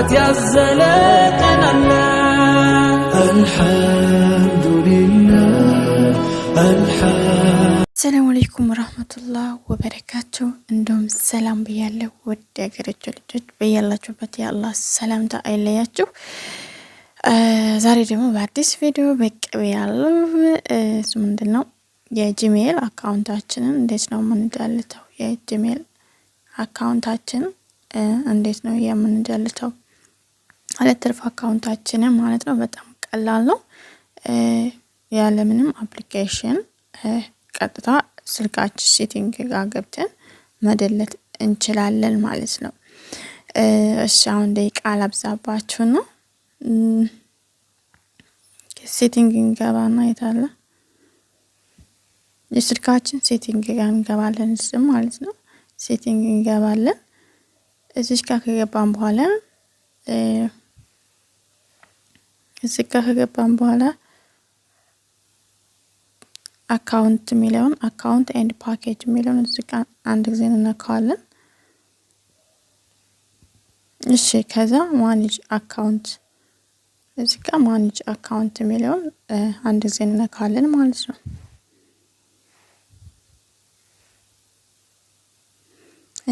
ብርታት ያዘለ ቀናለ አልሐምዱሊላህ ሰላም አለይኩም ወራህመቱላህ ወበረካቸው። እንደውም ሰላም ብያለሁ ወደ ሀገራቸው ልጆች በያላችሁበት የአላህ ሰላምታ አይለያችሁ። ዛሬ ደግሞ በአዲስ ቪዲዮ በቅ ብያለሁ። እሱ ምንድን ነው የጂሜል አካውንታችንን እንዴት ነው የምንደልተው? የጂሜል አካውንታችን እንዴት ነው የምንደልተው? ማለት ትርፍ አካውንታችንን ማለት ነው። በጣም ቀላል ነው። ያለምንም አፕሊኬሽን ቀጥታ ስልካችን ሴቲንግ ጋር ገብተን መደለት እንችላለን ማለት ነው። እሺ አሁን ደቂቃ አላብዛባችሁ ነው። ሴቲንግ እንገባና የታለ የስልካችን ሴቲንግ ጋር እንገባለን። እዚህ ማለት ነው ሴቲንግ እንገባለን። እዚች ጋር ከገባን በኋላ እዚህ ጋር ከገባን በኋላ አካውንት የሚለውን አካውንት ኤንድ ፓኬጅ የሚለውን እዚህ ጋር አንድ ጊዜ እንነካዋለን። እሺ ከዛ ማኔጅ አካውንት እዚህ ጋር ማኔጅ አካውንት የሚለውን አንድ ጊዜ እንነካዋለን ማለት ነው።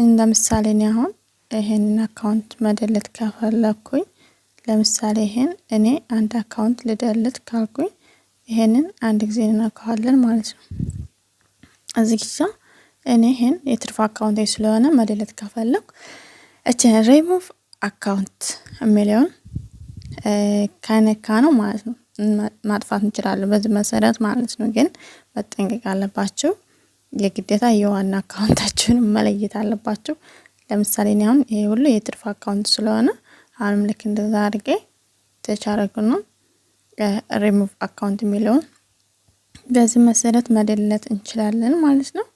እንደ ምሳሌ እኔ አሁን ይሄንን አካውንት መደለት ከፈለኩኝ ለምሳሌ ይሄን እኔ አንድ አካውንት ልደልት ካልኩኝ ይሄንን አንድ ጊዜ እንነካዋለን ማለት ነው። እዚህ ጊዜ እኔ ይሄን የትርፍ አካውንት ስለሆነ መደለት ከፈለኩ እችን ሪሙቭ አካውንት የሚለውን ከነካ ነው ማለት ነው ማጥፋት እንችላለን። በዚህ መሰረት ማለት ነው። ግን መጠንቀቅ አለባችሁ። የግዴታ የዋና አካውንታችሁን መለየት አለባችሁ። ለምሳሌ እኔ አሁን ይሄ ሁሉ የትርፍ አካውንት ስለሆነ አሁንም ልክ እንደዛ አድርጌ ተቻረግና ሪሙቭ አካውንት የሚለውን በዚህ መሰረት መደለት እንችላለን ማለት ነው።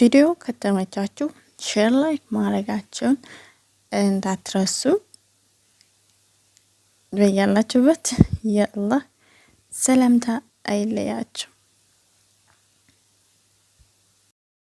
ቪዲዮ ከተመቻችሁ ሼር፣ ላይክ ማድረጋቸውን እንዳትረሱ። በያላችሁበት የአላህ ሰላምታ አይለያችሁ።